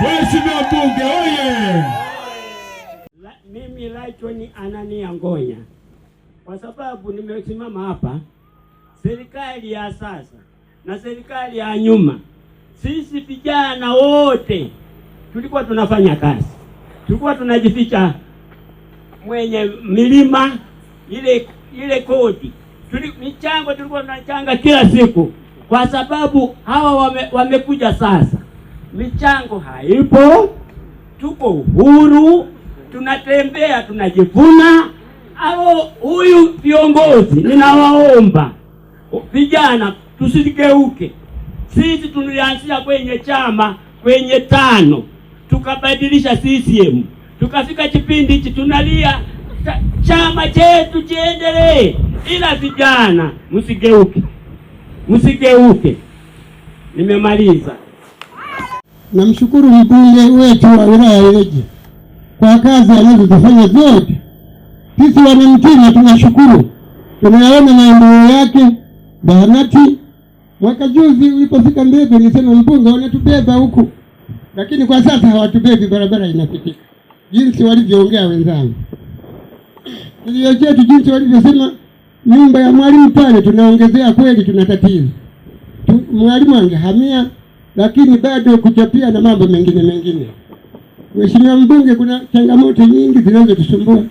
Mheshimiwa Mbunge oye! La, mimi Anani Angonya, kwa sababu nimesimama hapa, serikali ya sasa na serikali ya nyuma, sisi vijana wote tulikuwa tunafanya kazi, tulikuwa tunajificha mwenye milima ile ile kodi tuli, michango tulikuwa tunachanga kila siku, kwa sababu hawa wame, wamekuja sasa michango haipo, tuko huru, tunatembea tunajivuna. Au huyu viongozi, ninawaomba vijana tusigeuke. Sisi tulianzia kwenye chama kwenye tano, tukabadilisha CCM, tukafika kipindi hichi tunalia chama chetu chiendelee, ila vijana msigeuke, msigeuke. Nimemaliza. Namshukuru mbunge wetu wa wilaya ya Ileje kwa kazi anazozifanya zote. Sisi wanamtima tunashukuru, tunayaona maendeleo yake. Zahanati mwaka juzi ulipofika Mbebe nilisema mbunge wanatubeba huku, lakini kwa sasa hawatubebi, barabara inapitika jinsi walivyoongea wenzangu. Kilio chetu jinsi walivyosema nyumba ya mwalimu pale, tunaongezea kweli, tuna tatizo tu, mwalimu angehamia lakini bado kuchapia na mambo mengine mengine. Mheshimiwa Mbunge, kuna changamoto nyingi zinazotusumbua.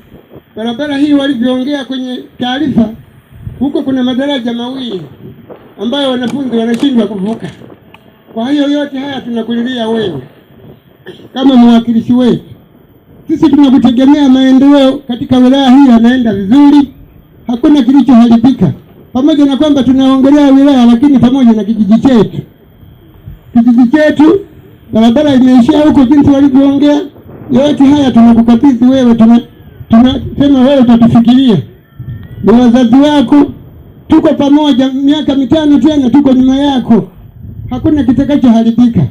Barabara hii walivyoongea kwenye taarifa huko, kuna madaraja mawili ambayo wanafunzi wanashindwa kuvuka. Kwa hiyo yote haya tunakulilia wewe kama mwakilishi wetu. Sisi tunakutegemea, maendeleo katika wilaya hii yanaenda vizuri, hakuna kilichoharibika, pamoja na kwamba tunaongelea wilaya, lakini pamoja na kijiji chetu kijiji chetu, barabara imeishia huko jinsi walivyoongea. Yote haya tunakukabidhi wewe, tunasema wewe utatufikiria, ni wazazi wako, tuko pamoja. Miaka mitano tena tuko nyuma yako, hakuna kitakachoharibika.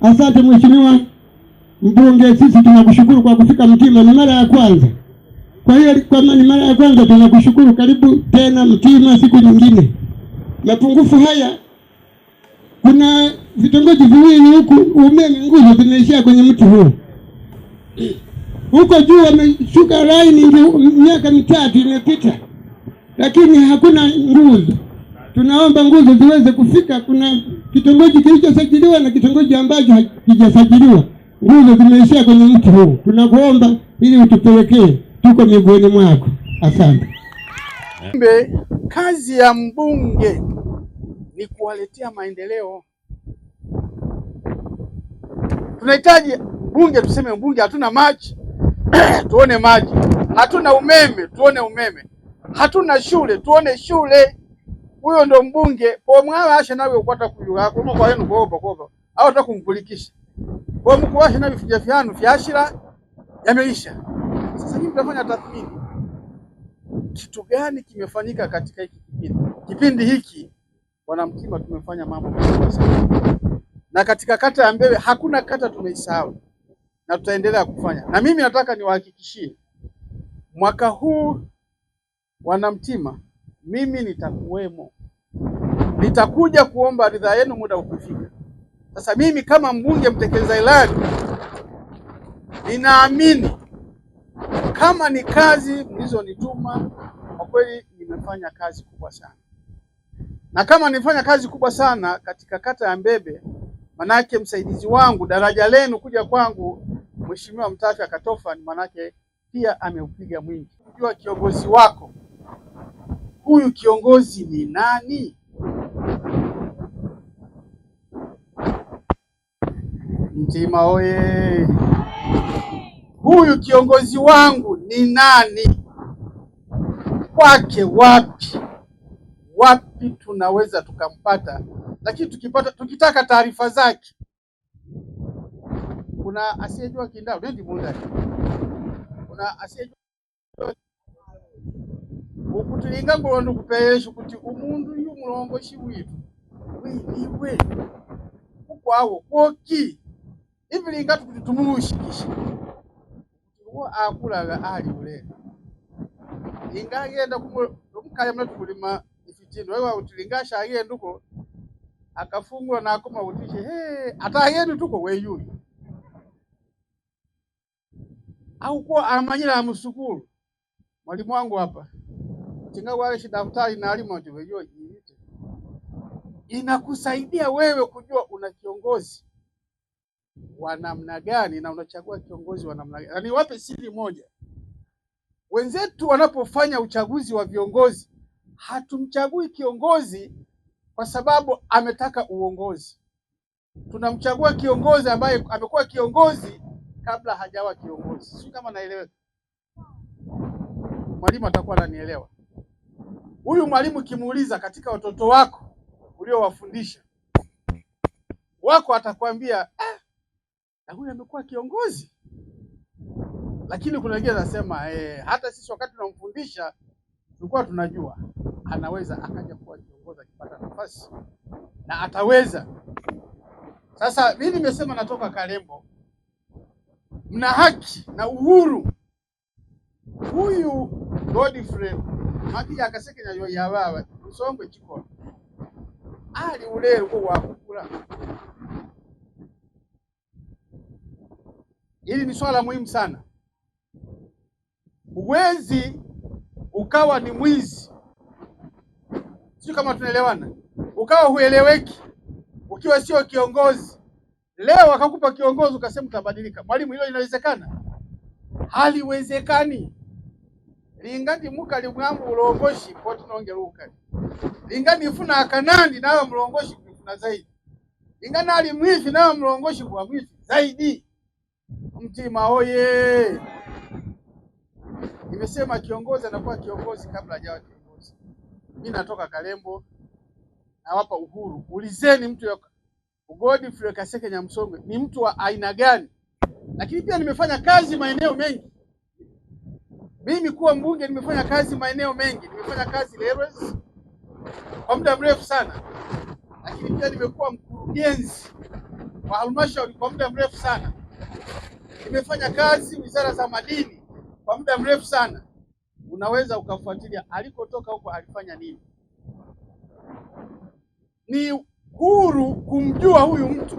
Asante mheshimiwa mbunge, sisi tunakushukuru kwa kufika Mtima, ni mara ya kwanza. Kwa hiyo kama ni mara ya kwanza, tunakushukuru. Karibu tena Mtima siku nyingine. Mapungufu haya kuna vitongoji viwili huku umeme nguzo zinaishia kwenye mti huu huko juu wameshuka laini, miaka mitatu imepita, lakini hakuna nguzo. Tunaomba nguzo ziweze kufika. Kuna kitongoji kilichosajiliwa na kitongoji ambacho hakijasajiliwa, nguzo zimeishia kwenye mti huu. Tunakuomba ili utupelekee, tuko miguuni mwako. Asante. Kazi ya mbunge ni kuwaletea maendeleo. Tunahitaji bunge, tuseme bunge, hatuna maji tuone maji, hatuna umeme tuone umeme, hatuna shule tuone shule. Huyo ndo mbunge pomwawasha nawe ukwata kuyuakuma kwa yenu kuoba kuoba au ta kumkulikisha kwa mkuwasha na vifija vyanu vya ashira yameisha. Sasa hivi tunafanya tathmini, kitu gani kimefanyika katika hiki kipindi kipindi hiki Bwana tumefanya mambo makubwa sana, na katika kata ya Mbewe hakuna kata tumeisahau na tutaendelea kufanya. Na mimi nataka niwahakikishie mwaka huu wanamtima, mimi nitakuwemo, nitakuja kuomba ridhaa yenu muda ukifika. Sasa mimi kama mbunge mtekeleza ilani, ninaamini kama ni kazi mlizonituma, kwa kweli nimefanya kazi kubwa sana na kama nilifanya kazi kubwa sana katika kata ya Mbebe, manake msaidizi wangu daraja lenu kuja kwangu Mheshimiwa Akatofa ni manake pia ameupiga mwingi. Unajua kiongozi wako huyu kiongozi ni nani? Mtima oye! Huyu kiongozi wangu ni nani? Kwake wapi wapi wapi tunaweza tukampata, lakini tukipata tukitaka taarifa zake, kuna asiyejua kindao ndio muda, kuna asiyejua ukutilinga ngolondo kupelesha kuti umundu yumulongoshi witu wiliwe kukwawo kwoki ivilinga tukuti tumulushikishe uwo akulaga ali ule inga agenda kumukaya mna tukulima chini wewe utilingasha aye nduko akafungwa na akoma utishe he ata nduko tuko weyuyu au kwa amanyira amusukulu mwalimu wangu hapa tinga wale shida daftari na alimo juvejua yote inakusaidia wewe kujua una kiongozi wa namna gani na unachagua kiongozi wa namna gani. Niwape yaani siri moja, wenzetu wanapofanya uchaguzi wa viongozi hatumchagui kiongozi kwa sababu ametaka uongozi. Tunamchagua kiongozi ambaye amekuwa kiongozi kabla hajawa kiongozi. Sio kama naeleweka? Mwalimu atakuwa ananielewa. Huyu mwalimu ukimuuliza katika watoto wako uliowafundisha, wako atakwambia eh, na huyu amekuwa kiongozi. Lakini kuna wengine anasema eh, hata sisi wakati tunamfundisha tulikuwa tunajua anaweza akaja kuwa kiongozi akipata nafasi na ataweza. Sasa mimi nimesema natoka Kalembo, mna haki na uhuru. Huyu Godfrey makia akasekenya yoyawawe usongwe chikola ali ulerwo wakukula. Hili ni swala muhimu sana. Huwezi ukawa ni mwizi sio kama tunaelewana. Ukawa hueleweki ukiwa sio kiongozi, leo akakupa kiongozi ukasema utabadilika. Mwalimu, hilo linawezekana? Haliwezekani. lingati muka limwambu ulongoshi kwa tunongera ukali lingani ifuna akanandi nayo mlongoshi kuifuna zaidi lingani ali mwizi nayo mlongoshi kwa mwizi zaidi. Mtima oye! Nimesema kiongozi anakuwa kiongozi kabla hajawa mimi natoka Kalembo, nawapa uhuru. Ulizeni mtu ya Ugodi Flekaseke Nyamsongwe ni mtu wa aina gani, lakini pia nimefanya kazi maeneo mengi. Mimi kuwa mbunge nimefanya kazi maeneo mengi, nimefanya kazi Lerwes kwa muda mrefu sana, lakini pia nimekuwa mkurugenzi wa halmashauri kwa muda mrefu sana, nimefanya kazi wizara za madini kwa muda mrefu sana unaweza ukafuatilia alikotoka huko alifanya nini. Ni huru kumjua huyu mtu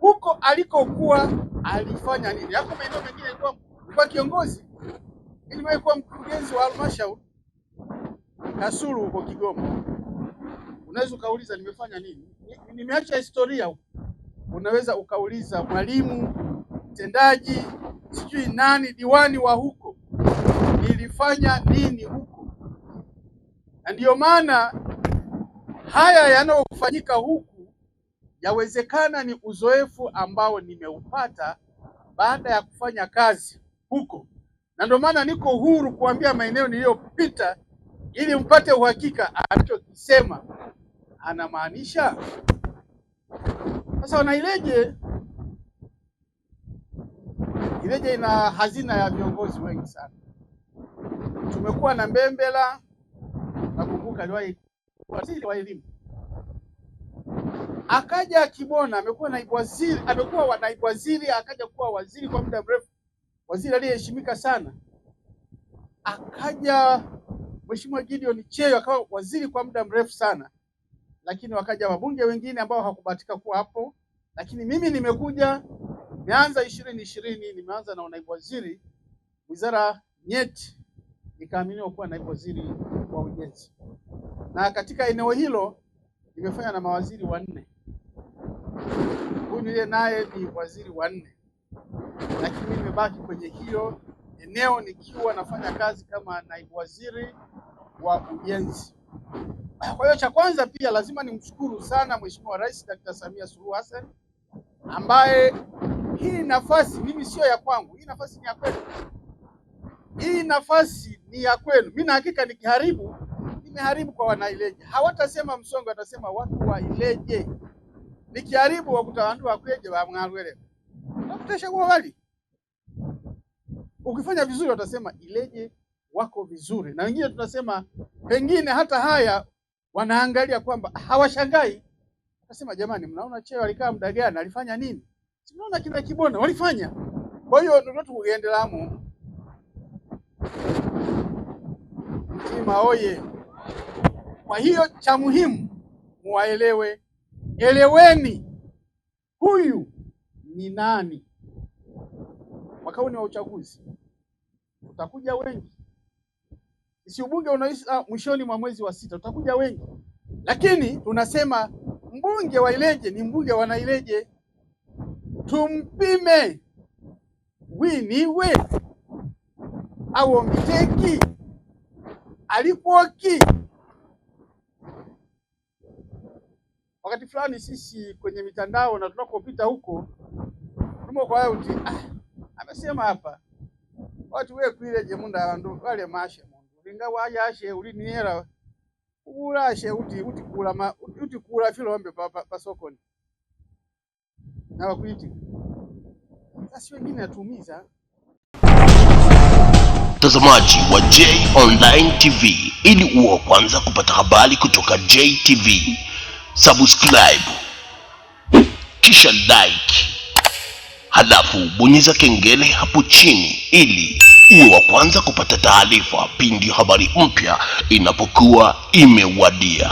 huko alikokuwa alifanya nini. Yako maeneo mengine ilikuwa kiongozi, iliwahi kuwa mkurugenzi wa halmashauri Kasulu huko Kigoma. Unaweza ukauliza nimefanya nini, nimeacha historia huko. Unaweza ukauliza mwalimu mtendaji, sijui nani, diwani wa huko walifanya nini huko, na ndiyo maana haya yanayofanyika huku yawezekana ni uzoefu ambao nimeupata baada ya kufanya kazi huko, na ndio maana niko huru kuambia maeneo niliyopita, ili mpate uhakika anachokisema anamaanisha. Sasa Wanaileje, Ileje ina hazina ya viongozi wengi sana tumekuwa na Mbembela, nakumbuka aliwahi waziri wa elimu, akaja Akibona, amekuwa naibu waziri, amekuwa naibu waziri, akaja kuwa waziri kwa muda mrefu, waziri aliyeheshimika sana. Akaja Mheshimiwa Gideon Cheyo akawa waziri kwa muda mrefu sana, lakini wakaja wabunge wengine ambao hawakubahatika kuwa hapo, lakini mimi nimekuja, nimeanza ishirini ishirini, nimeanza na naibu waziri wizara nyeti nikaaminiwa kuwa naibu waziri wa ujenzi, na katika eneo hilo nimefanya na mawaziri wanne. Huyu ile naye ni waziri wanne, lakini nimebaki kwenye hiyo eneo nikiwa nafanya kazi kama naibu waziri wa ujenzi. Kwa hiyo cha kwanza pia lazima nimshukuru sana Mheshimiwa Rais Dr. Samia Suluhu Hassan ambaye hii nafasi mimi sio ya kwangu, hii nafasi ni ya kwetu. Hii nafasi ni ya kwenu. Mimi na hakika nikiharibu, nimeharibu kwa wanaileje. Hawatasema Msongo, watasema watu wa Ileje. Nikiharibu wa kweje wa wamwarwele. Nakutesha kwa wali. Ukifanya vizuri watasema Ileje wako vizuri, na wengine tunasema pengine hata haya wanaangalia kwamba hawashangai, nasema jamani, mnaona cheo alikaa muda gani, alifanya nini? Si mnaona kina Kibona walifanya. Kwa hiyo ndio tukugenderamu Mtima oye! Kwa hiyo cha muhimu muwaelewe, eleweni huyu ni nani. Mwaka huu ni wa uchaguzi, utakuja wengi, sisi ubunge unaisha mwishoni mwa mwezi wa sita, utakuja wengi, lakini tunasema mbunge wa Ileje ni mbunge wa Ileje, tumpime winiwe au omiteki alipoki. Wakati fulani sisi kwenye mitandao na tunakopita huko tumo kwa uti ah, amesema hapa watu wekwile jemunda wandu wale mashe mundu linga wajashe kula ulashe uti uti kula ma uti kula filombe pa, pa, pa sokoni na wakuiti sasa wengine atumiza mtazamaji wa J Online TV, ili uwe kwanza kupata habari kutoka JTV, subscribe kisha like, halafu bonyeza kengele hapo chini ili uwe wa kwanza kupata taarifa pindi habari mpya inapokuwa imewadia.